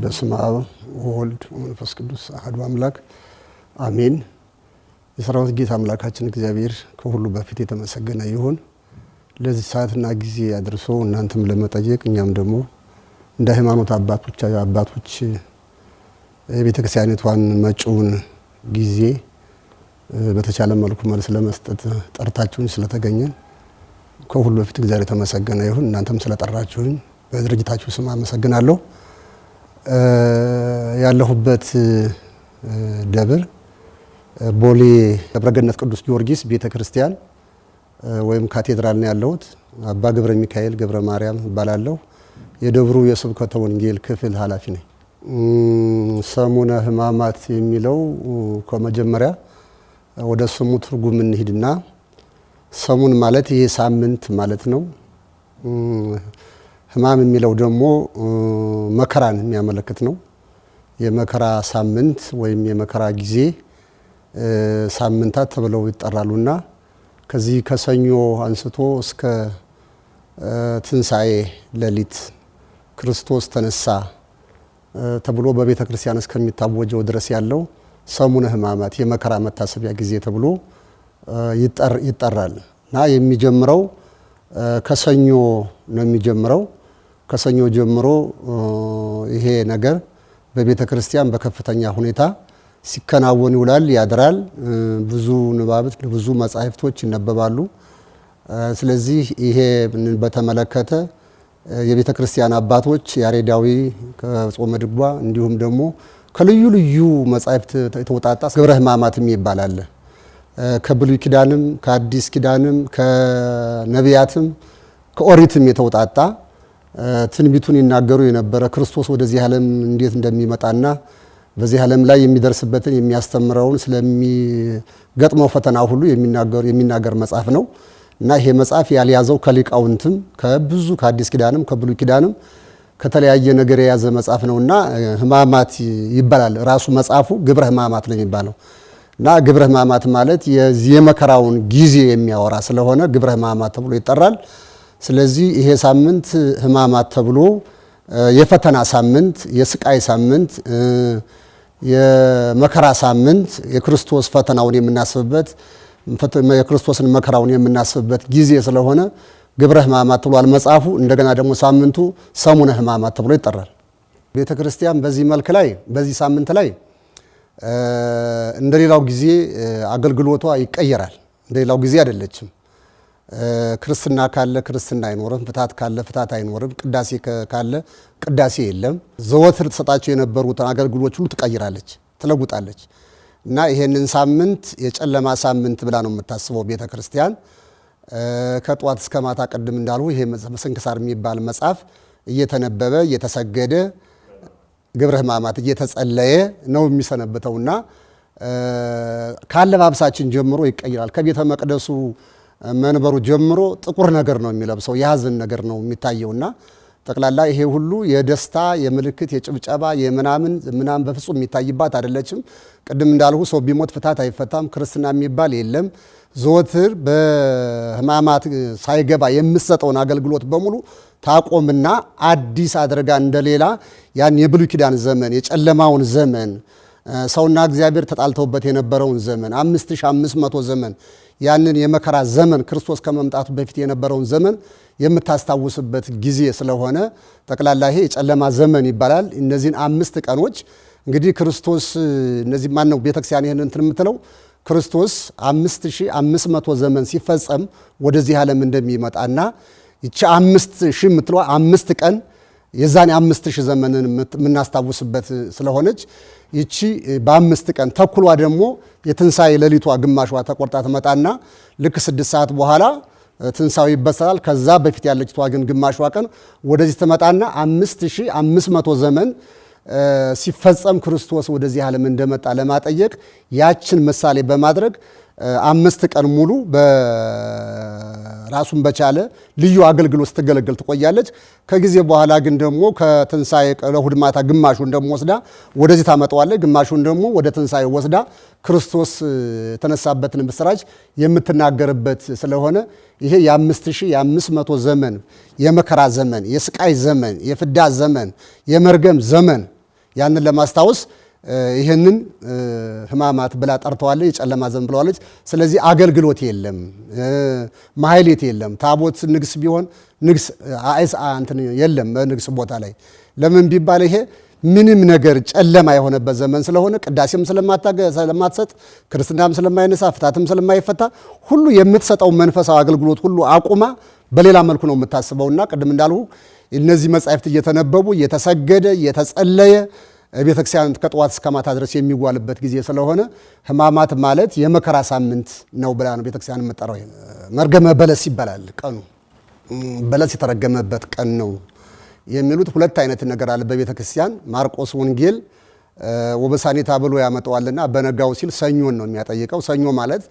በስመ አብ ወወልድ ወመንፈስ ቅዱስ አሐዱ አምላክ አሜን። የሰራዊት ጌታ አምላካችን እግዚአብሔር ከሁሉ በፊት የተመሰገነ ይሁን። ለዚህ ሰዓትና ጊዜ አድርሶ እናንተም ለመጠየቅ እኛም ደግሞ እንደ ሃይማኖት አባቶች አባቶች የቤተክርስቲያኒቷን መጪውን ጊዜ በተቻለ መልኩ መልስ ለመስጠት ጠርታችሁኝ ስለተገኘን ከሁሉ በፊት እግዚአብሔር የተመሰገነ ይሁን። እናንተም ስለጠራችሁኝ በድርጅታችሁ ስም አመሰግናለሁ። ያለሁበት ደብር ቦሌ ደብረገነት ቅዱስ ጊዮርጊስ ቤተ ክርስቲያን ወይም ካቴድራል ነው ያለሁት። አባ ገብረ ሚካኤል ገብረ ማርያም እባላለሁ። የደብሩ የስብከተ ወንጌል ክፍል ኃላፊ ነኝ። ሰሙነ ሕማማት የሚለው ከመጀመሪያ ወደ ስሙ ትርጉም እንሂድና ሰሙን ማለት ይሄ ሳምንት ማለት ነው። ህማም የሚለው ደግሞ መከራን የሚያመለክት ነው። የመከራ ሳምንት ወይም የመከራ ጊዜ ሳምንታት ተብለው ይጠራሉና ከዚህ ከሰኞ አንስቶ እስከ ትንሣኤ ሌሊት ክርስቶስ ተነሳ ተብሎ በቤተ ክርስቲያን እስከሚታወጀው ድረስ ያለው ሰሙነ ሕማማት የመከራ መታሰቢያ ጊዜ ተብሎ ይጠራል እና የሚጀምረው ከሰኞ ነው የሚጀምረው። ከሰኞ ጀምሮ ይሄ ነገር በቤተ ክርስቲያን በከፍተኛ ሁኔታ ሲከናወን ይውላል ያድራል። ብዙ ንባብት ብዙ መጻሕፍቶች ይነበባሉ። ስለዚህ ይሄ በተመለከተ የቤተ ክርስቲያን አባቶች ያሬዳዊ ከጾመ ድጓ እንዲሁም ደግሞ ከልዩ ልዩ መጻሕፍት የተወጣጣ ግብረ ሕማማት ይባላል። አለ። ከብሉይ ኪዳንም ከአዲስ ኪዳንም ከነቢያትም ከኦሪትም የተውጣጣ ትንቢቱን ይናገሩ የነበረ ክርስቶስ ወደዚህ ዓለም እንዴት እንደሚመጣና በዚህ ዓለም ላይ የሚደርስበትን የሚያስተምረውን ስለሚገጥመው ፈተና ሁሉ የሚናገር መጽሐፍ ነው እና ይሄ መጽሐፍ ያልያዘው ከሊቃውንትም ከብዙ ከአዲስ ኪዳንም ከብሉይ ኪዳንም ከተለያየ ነገር የያዘ መጽሐፍ ነውና ህማማት ይባላል። ራሱ መጽሐፉ ግብረ ህማማት ነው የሚባለው እና ግብረ ህማማት ማለት የመከራውን ጊዜ የሚያወራ ስለሆነ ግብረ ህማማት ተብሎ ይጠራል። ስለዚህ ይሄ ሳምንት ህማማት ተብሎ የፈተና ሳምንት፣ የስቃይ ሳምንት፣ የመከራ ሳምንት የክርስቶስ ፈተናውን የምናስብበት የክርስቶስን መከራውን የምናስብበት ጊዜ ስለሆነ ግብረ ሕማማት ተብሏል መጽሐፉ። እንደገና ደግሞ ሳምንቱ ሰሙነ ሕማማት ተብሎ ይጠራል። ቤተ ክርስቲያን በዚህ መልክ ላይ በዚህ ሳምንት ላይ እንደሌላው ጊዜ አገልግሎቷ ይቀየራል። እንደሌላው ጊዜ አይደለችም። ክርስትና ካለ ክርስትና አይኖርም፣ ፍታት ካለ ፍታት አይኖርም፣ ቅዳሴ ካለ ቅዳሴ የለም። ዘወትር ተሰጣቸው የነበሩትን አገልግሎች ሁሉ ትቀይራለች፣ ትለውጣለች እና ይሄንን ሳምንት የጨለማ ሳምንት ብላ ነው የምታስበው ቤተ ክርስቲያን። ከጠዋት እስከ ማታ ቅድም እንዳልሁ ይሄ ስንክሳር የሚባል መጽሐፍ እየተነበበ እየተሰገደ ግብረ ሕማማት እየተጸለየ ነው የሚሰነብተውና ካለባበሳችን ጀምሮ ይቀይራል። ከቤተ መቅደሱ መንበሩ ጀምሮ ጥቁር ነገር ነው የሚለብሰው፣ የሀዘን ነገር ነው የሚታየውና ጠቅላላ ይሄ ሁሉ የደስታ የምልክት የጭብጨባ የምናምን ምናምን በፍጹም የሚታይባት አይደለችም። ቅድም እንዳልሁ ሰው ቢሞት ፍታት አይፈታም፣ ክርስትና የሚባል የለም። ዘወትር በህማማት ሳይገባ የምትሰጠውን አገልግሎት በሙሉ ታቆምና አዲስ አድርጋ እንደሌላ ያን የብሉይ ኪዳን ዘመን የጨለማውን ዘመን ሰውና እግዚአብሔር ተጣልተውበት የነበረውን ዘመን 5500 ዘመን ያንን የመከራ ዘመን ክርስቶስ ከመምጣቱ በፊት የነበረውን ዘመን የምታስታውስበት ጊዜ ስለሆነ ጠቅላላ ይሄ የጨለማ ዘመን ይባላል። እነዚህን አምስት ቀኖች እንግዲህ ክርስቶስ እነዚህ ማን ነው ቤተክርስቲያን ይህንን እንትን የምትለው ክርስቶስ 5500 ዘመን ሲፈጸም ወደዚህ ዓለም እንደሚመጣና ይቺ አምስት ሺህ የምትለዋ አምስት ቀን የዛኔ አምስት ሺህ ዘመንን የምናስታውስበት ስለሆነች ይቺ በአምስት ቀን ተኩሏ ደግሞ የትንሣኤ ሌሊቷ ግማሿ ተቆርጣ ትመጣና ልክ ስድስት ሰዓት በኋላ ትንሣኤው ይበሰላል። ከዛ በፊት ያለችቷ ግን ግማሿ ቀን ወደዚህ ትመጣና አምስት አምስት መቶ ዘመን ሲፈጸም ክርስቶስ ወደዚህ ዓለም እንደመጣ ለማጠየቅ ያችን ምሳሌ በማድረግ አምስት ቀን ሙሉ በራሱን በቻለ ልዩ አገልግሎት ስትገለገል ትቆያለች። ከጊዜ በኋላ ግን ደግሞ ከትንሣኤ ለእሑድ ማታ ግማሹን ደግሞ ወስዳ ወደዚህ ታመጣዋለች፣ ግማሹን ደግሞ ወደ ትንሣኤ ወስዳ ክርስቶስ የተነሳበትን ምስራች የምትናገርበት ስለሆነ ይሄ የአምስት ሺህ የአምስት መቶ ዘመን የመከራ ዘመን፣ የስቃይ ዘመን፣ የፍዳ ዘመን፣ የመርገም ዘመን ያንን ለማስታወስ ይህንን ህማማት ብላ ጠርተዋለች፣ የጨለማ ዘመን ብለዋለች። ስለዚህ አገልግሎት የለም፣ ማህሌት የለም። ታቦት ንግስ ቢሆን ንግስ አይስ እንትን የለም በንግስ ቦታ ላይ ለምን ቢባል ይሄ ምንም ነገር ጨለማ የሆነበት ዘመን ስለሆነ ቅዳሴም ስለማትሰጥ ክርስትናም ስለማይነሳ ፍታትም ስለማይፈታ ሁሉ የምትሰጠው መንፈሳዊ አገልግሎት ሁሉ አቁማ በሌላ መልኩ ነው የምታስበውና ቅድም እንዳልሁ እነዚህ መጻሕፍት እየተነበቡ እየተሰገደ እየተጸለየ ክርስቲያን ከጠዋት እስከ ማታ ድረስ የሚዋልበት ጊዜ ስለሆነ ሕማማት ማለት የመከራ ሳምንት ነው ብላ ነው ክርስቲያን የምጠራው። መርገመ በለስ ይባላል ቀኑ፣ በለስ የተረገመበት ቀን ነው የሚሉት ሁለት አይነት ነገር አለ ክርስቲያን። ማርቆስ ወንጌል ወበሳኔ ብሎ ያመጣዋልና በነጋው ሲል ሰኞን ነው የሚያጠይቀው። ሰኞ ማለት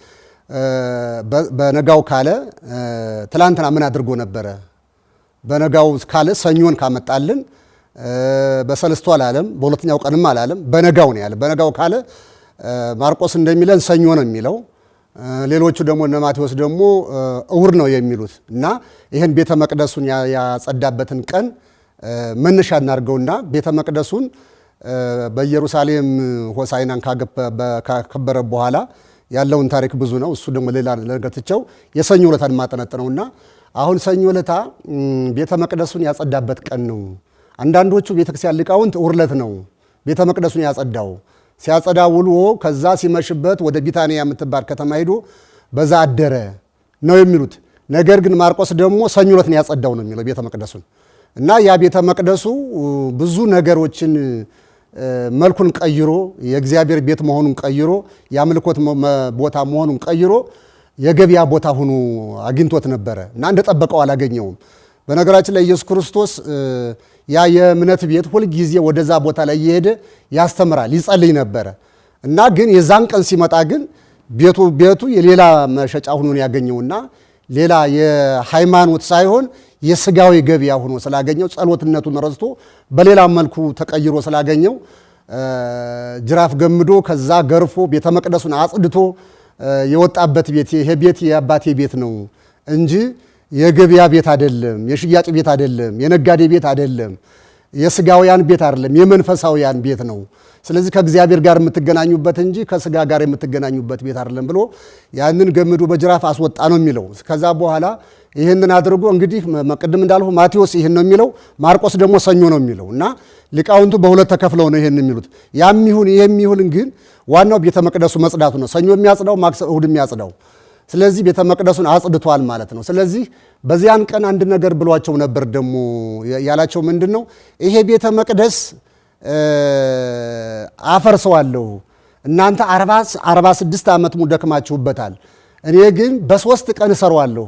በነጋው ካለ ትላንትና ምን አድርጎ ነበረ በነጋው ካለ ሰኞን ካመጣልን በሰለስቱ አላለም፣ በሁለተኛው ቀንም አላለም። በነጋው ነው ያለ። በነጋው ካለ ማርቆስ እንደሚለን ሰኞ ነው የሚለው። ሌሎቹ ደግሞ እነ ማቴዎስ ደግሞ እሁድ ነው የሚሉት እና ይህን ቤተ መቅደሱን ያጸዳበትን ቀን መነሻ እናድርገውና ቤተ መቅደሱን በኢየሩሳሌም ሆሳይናን ካከበረ በኋላ ያለውን ታሪክ ብዙ ነው። እሱ ደግሞ ሌላ ነገር ትቸው የሰኞ ዕለታን ማጠነጥ ነውና አሁን ሰኞ ለታ ቤተ መቅደሱን ያጸዳበት ቀን ነው። አንዳንዶቹ ቤተክርስቲያን ሊቃውንት ውርለት ነው ቤተ መቅደሱን ያጸዳው። ሲያጸዳ ውሎ ከዛ ሲመሽበት ወደ ቢታንያ የምትባል ከተማ ሄዶ በዛ አደረ ነው የሚሉት። ነገር ግን ማርቆስ ደግሞ ሰኞ ዕለት ነው ያጸዳው ነው የሚለው ቤተ መቅደሱን እና ያ ቤተ መቅደሱ ብዙ ነገሮችን መልኩን ቀይሮ የእግዚአብሔር ቤት መሆኑን ቀይሮ የአምልኮት ቦታ መሆኑን ቀይሮ የገበያ ቦታ ሆኖ አግኝቶት ነበረ እና እንደጠበቀው አላገኘውም። በነገራችን ላይ ኢየሱስ ክርስቶስ ያ የእምነት ቤት ሁልጊዜ ወደዛ ቦታ ላይ እየሄደ ያስተምራል፣ ይጸልይ ነበረ እና ግን የዛን ቀን ሲመጣ ግን ቤቱ ቤቱ የሌላ መሸጫ ሆኖ ያገኘውና ሌላ የሃይማኖት ሳይሆን የስጋዊ ገበያ ሆኖ ስላገኘው ጸሎትነቱን ረስቶ በሌላ መልኩ ተቀይሮ ስላገኘው ጅራፍ ገምዶ ከዛ ገርፎ ቤተ መቅደሱን አጽድቶ የወጣበት ቤት ይሄ ቤት የአባቴ ቤት ነው እንጂ የገበያ ቤት አይደለም፣ የሽያጭ ቤት አይደለም፣ የነጋዴ ቤት አይደለም፣ የስጋውያን ቤት አይደለም፣ የመንፈሳውያን ቤት ነው። ስለዚህ ከእግዚአብሔር ጋር የምትገናኙበት እንጂ ከስጋ ጋር የምትገናኙበት ቤት አይደለም ብሎ ያንን ገመዱ በጅራፍ አስወጣ ነው የሚለው። ከዛ በኋላ ይህንን አድርጎ እንግዲህ ቅድም እንዳልሁ ማቴዎስ ይህን ነው የሚለው፣ ማርቆስ ደግሞ ሰኞ ነው የሚለው እና ሊቃውንቱ በሁለት ተከፍለው ነው ይሄን የሚሉት። ያም ይሁን ይሄም ይሁን ግን ዋናው ቤተ መቅደሱ መጽዳቱ ነው። ሰኞ የሚያጽዳው፣ ማክሰ እሁድ የሚያጽዳው። ስለዚህ ቤተ መቅደሱን አጽድቷል ማለት ነው። ስለዚህ በዚያን ቀን አንድ ነገር ብሏቸው ነበር። ደግሞ ያላቸው ምንድን ነው? ይሄ ቤተ መቅደስ አፈርሰዋለሁ፣ እናንተ 46 ዓመት ሙሉ ደክማችሁበታል፣ እኔ ግን በሶስት ቀን እሰሯዋለሁ፣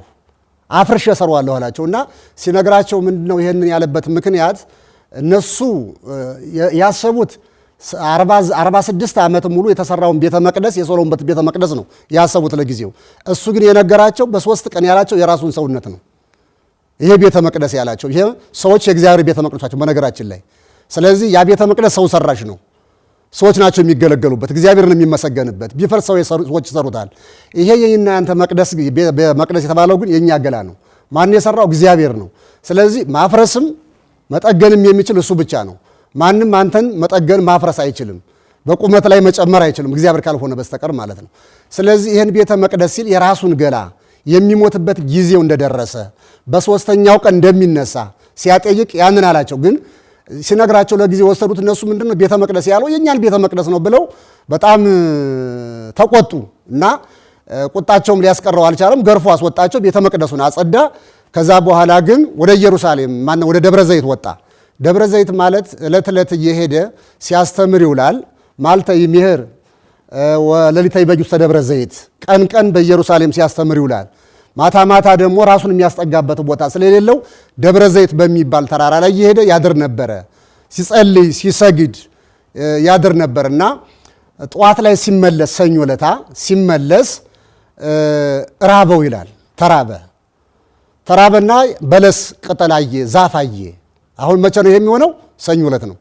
አፍርሼ እሰሯዋለሁ አላቸው እና ሲነግራቸው ምንድን ነው ይህንን ያለበት ምክንያት እነሱ ያሰቡት 46 ዓመት ሙሉ የተሰራውን ቤተ መቅደስ የሶሎሞን ቤተ መቅደስ ነው ያሰቡት ለጊዜው። እሱ ግን የነገራቸው በሶስት ቀን ያላቸው የራሱን ሰውነት ነው ይሄ ቤተ መቅደስ ያላቸው። ይሄ ሰዎች የእግዚአብሔር ቤተ መቅደሳቸው በነገራችን ላይ። ስለዚህ ያ ቤተ መቅደስ ሰው ሰራሽ ነው። ሰዎች ናቸው የሚገለገሉበት፣ እግዚአብሔርን የሚመሰገንበት። ቢፈርስ ሰዎች ይሰሩታል። ይሄ የእናንተ መቅደስ መቅደስ የተባለው ግን የኛ ገላ ነው። ማን የሰራው? እግዚአብሔር ነው። ስለዚህ ማፍረስም መጠገንም የሚችል እሱ ብቻ ነው። ማንም አንተን መጠገን ማፍረስ አይችልም። በቁመት ላይ መጨመር አይችልም እግዚአብሔር ካልሆነ በስተቀር ማለት ነው። ስለዚህ ይህን ቤተ መቅደስ ሲል የራሱን ገላ የሚሞትበት ጊዜው እንደደረሰ በሶስተኛው ቀን እንደሚነሳ ሲያጠይቅ ያንን አላቸው። ግን ሲነግራቸው ለጊዜ ወሰዱት። እነሱ ምንድን ነው ቤተ መቅደስ ያለው የእኛን ቤተ መቅደስ ነው ብለው በጣም ተቆጡ እና ቁጣቸውም ሊያስቀረው አልቻለም። ገርፎ አስወጣቸው። ቤተ መቅደሱን አጸዳ። ከዛ በኋላ ግን ወደ ኢየሩሳሌም ማነው ወደ ደብረ ዘይት ወጣ። ደብረ ዘይት ማለት ዕለት ዕለት እየሄደ ሲያስተምር ይውላል። ማልተ ይምህር ወሌሊተ ይቤጁስ ተደብረ ዘይት፣ ቀን ቀን በኢየሩሳሌም ሲያስተምር ይውላል። ማታ ማታ ደግሞ ራሱን የሚያስጠጋበት ቦታ ስለሌለው ደብረ ዘይት በሚባል ተራራ ላይ እየሄደ ያድር ነበረ። ሲጸልይ ሲሰግድ ያድር ነበር እና ጠዋት ላይ ሲመለስ ሰኞ ለታ ሲመለስ ራበው ይላል ተራበ ተራበና በለስ ቅጠላየ አየ። አሁን መቼ ነው የሚሆነው? ሰኞ ዕለት ነው።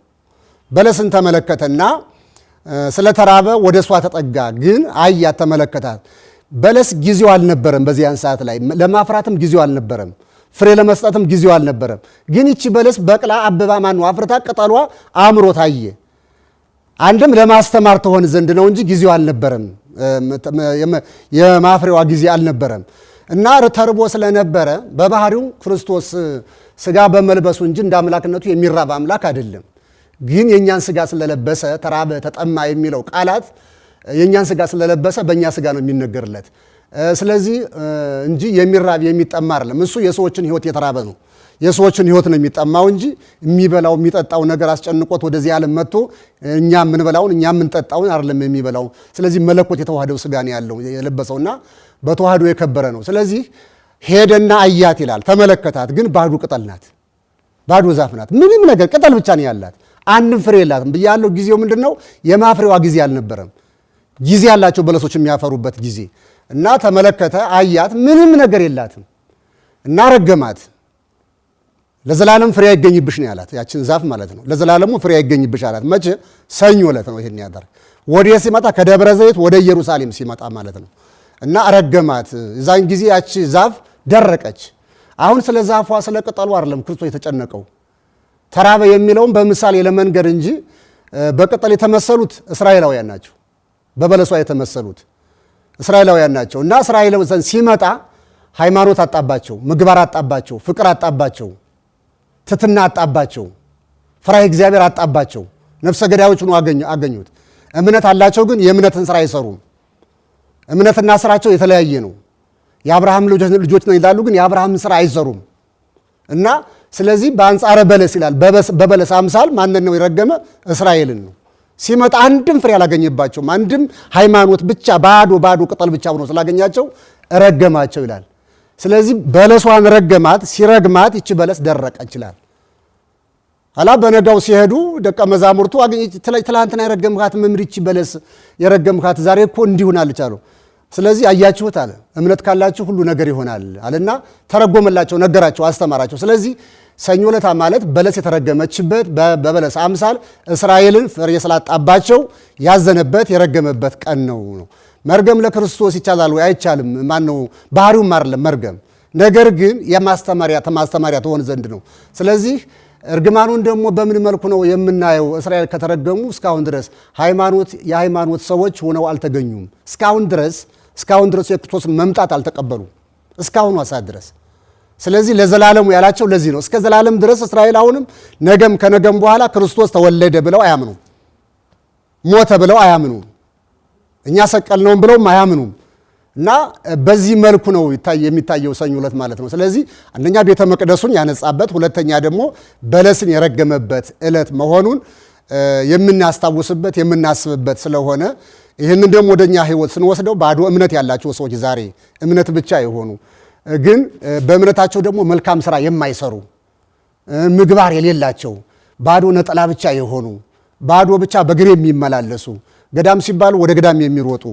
በለስን ተመለከተና ስለተራበ ወደ እሷ ተጠጋ፣ ግን አያት፣ ተመለከታት። በለስ ጊዜው አልነበረም። በዚያን ሰዓት ላይ ለማፍራትም ጊዜው አልነበረም። ፍሬ ለመስጠትም ጊዜው አልነበረም። ግን ይቺ በለስ በቅላ አበባ ማን ነው አፍርታ ቅጠሏ አምሮ ታየ። አንድም ለማስተማር ትሆን ዘንድ ነው እንጂ ጊዜው አልነበረም። የማፍሬዋ ጊዜ አልነበረም። እና ተርቦ ስለነበረ በባህሪው ክርስቶስ ስጋ በመልበሱ እንጂ እንደ አምላክነቱ የሚራብ አምላክ አይደለም። ግን የእኛን ስጋ ስለለበሰ ተራበ፣ ተጠማ የሚለው ቃላት የእኛን ስጋ ስለለበሰ በእኛ ስጋ ነው የሚነገርለት። ስለዚህ እንጂ የሚራብ የሚጠማ አይደለም። እሱ የሰዎችን ህይወት የተራበ ነው። የሰዎችን ህይወት ነው የሚጠማው እንጂ የሚበላው የሚጠጣው ነገር አስጨንቆት ወደዚህ ዓለም መጥቶ እኛ የምንበላውን እኛ የምንጠጣውን አይደለም የሚበላው። ስለዚህ መለኮት የተዋህደው ስጋ ነው ያለው የለበሰውና በተዋህዶ የከበረ ነው። ስለዚህ ሄደና አያት ይላል። ተመለከታት፣ ግን ባዶ ቅጠል ናት፣ ባዶ ዛፍ ናት። ምንም ነገር ቅጠል ብቻ ነው ያላት፣ አንድም ፍሬ የላትም። ያለው ጊዜው ምንድን ነው? የማፍሬዋ ጊዜ አልነበረም። ጊዜ ያላቸው በለሶች የሚያፈሩበት ጊዜ እና ተመለከተ፣ አያት፣ ምንም ነገር የላትም እና ረገማት ለዘላለም ፍሬ አይገኝብሽ ነው ያላት፣ ያችን ዛፍ ማለት ነው። ለዘላለሙ ፍሬ አይገኝብሽ አላት። መቼ? ሰኞ ዕለት ነው ይሄን ያደር ወዲያ ሲመጣ ከደብረ ዘይት ወደ ኢየሩሳሌም ሲመጣ ማለት ነው። እና ረገማት። እዛን ጊዜ ያቺ ዛፍ ደረቀች። አሁን ስለ ዛፏ ስለ ቅጠሉ አይደለም ክርስቶስ የተጨነቀው። ተራበ የሚለውም በምሳሌ ለመንገድ እንጂ በቅጠል የተመሰሉት እስራኤላውያን ናቸው። በበለሷ የተመሰሉት እስራኤላውያን ናቸው። እና እስራኤል ሲመጣ ሃይማኖት አጣባቸው፣ ምግባር አጣባቸው፣ ፍቅር አጣባቸው። ትትና አጣባቸው፣ ፍራህ እግዚአብሔር አጣባቸው። ነፍሰ ገዳዮች አገኙት። እምነት አላቸው፣ ግን የእምነትን ስራ አይሰሩም። እምነትና ስራቸው የተለያየ ነው። የአብርሃም ልጆች ነው ይላሉ፣ ግን የአብርሃምን ስራ አይሰሩም። እና ስለዚህ በአንጻረ በለስ ይላል። በበለስ አምሳል ማንን ነው የረገመ? እስራኤልን ነው። ሲመጣ አንድም ፍሬ አላገኘባቸውም። አንድም ሃይማኖት ብቻ ባዶ ባዶ ቅጠል ብቻ ሆኖ ስላገኛቸው ረገማቸው ይላል። ስለዚህ በለሷን ረገማት። ሲረግማት ይቺ በለስ ደረቀ ይችላል ኋላ በነዳው ሲሄዱ ደቀ መዛሙርቱ ትላንትና የረገምካት መምህር ይቺ በለስ የረገምካት ዛሬ እኮ እንዲሆናለች አሉ። ስለዚህ አያችሁት አለ እምነት ካላችሁ ሁሉ ነገር ይሆናል አለና ተረጎመላቸው፣ ነገራቸው፣ አስተማራቸው። ስለዚህ ሰኞ ለታ ማለት በለስ የተረገመችበት በበለስ አምሳል እስራኤልን ፍሬ ስላጣባቸው ያዘነበት የረገመበት ቀን ነው ነው መርገም ለክርስቶስ ይቻላል ወይ? አይቻልም። ማነው ባህሪውም አይደለም መርገም፣ ነገር ግን የማስተማሪያ ተማስተማሪያ ትሆን ዘንድ ነው። ስለዚህ እርግማኑን ደግሞ በምን መልኩ ነው የምናየው? እስራኤል ከተረገሙ እስካሁን ድረስ ሃይማኖት የሃይማኖት ሰዎች ሆነው አልተገኙም። እስካሁን ድረስ እስካሁን ድረስ የክርስቶስ መምጣት አልተቀበሉ እስካሁኑ ሰዓት ድረስ ስለዚህ ለዘላለሙ ያላቸው ለዚህ ነው። እስከ ዘላለም ድረስ እስራኤል አሁንም ነገም ከነገም በኋላ ክርስቶስ ተወለደ ብለው አያምኑ፣ ሞተ ብለው አያምኑ። እኛ ሰቀልነውም ብለውም አያምኑም። እና በዚህ መልኩ ነው የሚታየው ሰኞ ዕለት ማለት ነው። ስለዚህ አንደኛ ቤተ መቅደሱን ያነጻበት፣ ሁለተኛ ደግሞ በለስን የረገመበት ዕለት መሆኑን የምናስታውስበት የምናስብበት ስለሆነ ይህንን ደግሞ ወደኛ ህይወት ስንወስደው ባዶ እምነት ያላቸው ሰዎች ዛሬ እምነት ብቻ የሆኑ ግን በእምነታቸው ደግሞ መልካም ስራ የማይሰሩ ምግባር የሌላቸው ባዶ ነጠላ ብቻ የሆኑ ባዶ ብቻ በግሬ የሚመላለሱ ገዳም ሲባሉ ወደ ገዳም የሚሮጡ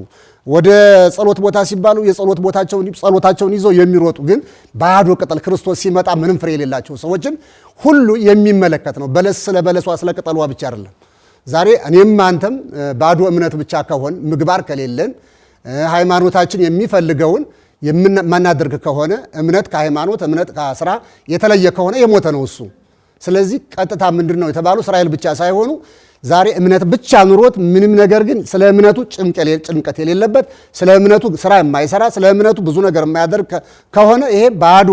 ወደ ጸሎት ቦታ ሲባሉ የጸሎት ቦታቸውን ጸሎታቸውን ይዘው የሚሮጡ ግን ባዶ ቅጠል ክርስቶስ ሲመጣ ምንም ፍሬ የሌላቸው ሰዎችን ሁሉ የሚመለከት ነው። በለስ ስለ በለሷ ስለ ቅጠሏ ብቻ አይደለም። ዛሬ እኔም አንተም ባዶ እምነት ብቻ ከሆን ምግባር ከሌለን ሃይማኖታችን የሚፈልገውን የማናደርግ ከሆነ እምነት ከሃይማኖት እምነት ከስራ የተለየ ከሆነ የሞተ ነው እሱ። ስለዚህ ቀጥታ ምንድን ነው የተባሉ እስራኤል ብቻ ሳይሆኑ ዛሬ እምነት ብቻ ኑሮት ምንም ነገር ግን ስለ እምነቱ ጭንቀት የሌለበት ስለ እምነቱ ስራ የማይሰራ ስለ እምነቱ ብዙ ነገር የማያደርግ ከሆነ ይሄ ባዶ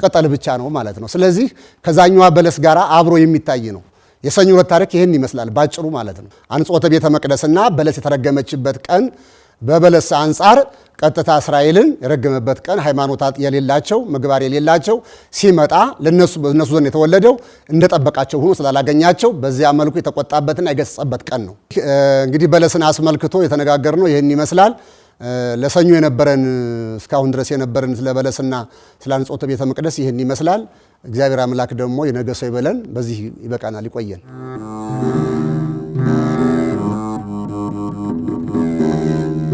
ቅጠል ብቻ ነው ማለት ነው። ስለዚህ ከዛኛዋ በለስ ጋር አብሮ የሚታይ ነው። የሰኞ ዕለት ታሪክ ይህን ይመስላል ባጭሩ ማለት ነው። አንጾተ ቤተ መቅደስና በለስ የተረገመችበት ቀን በበለስ አንጻር ቀጥታ እስራኤልን የረገመበት ቀን ሃይማኖታት የሌላቸው ምግባር የሌላቸው ሲመጣ ለነሱ በነሱ ዘንድ የተወለደው እንደጠበቃቸው ሆኖ ስላላገኛቸው በዚያ መልኩ የተቆጣበትና የገሰጸበት ቀን ነው። እንግዲህ በለስን አስመልክቶ ነው ይህን ይመስላል። ለሰኞ የነበረን እስካሁን ድረስ የነበረን ስለ በለስና ስለ አንጾተ ቤተ መቅደስ ይህን ይመስላል። እግዚአብሔር አምላክ ደግሞ የነገሰው ይበለን። በዚህ ይበቃናል። ይቆየን።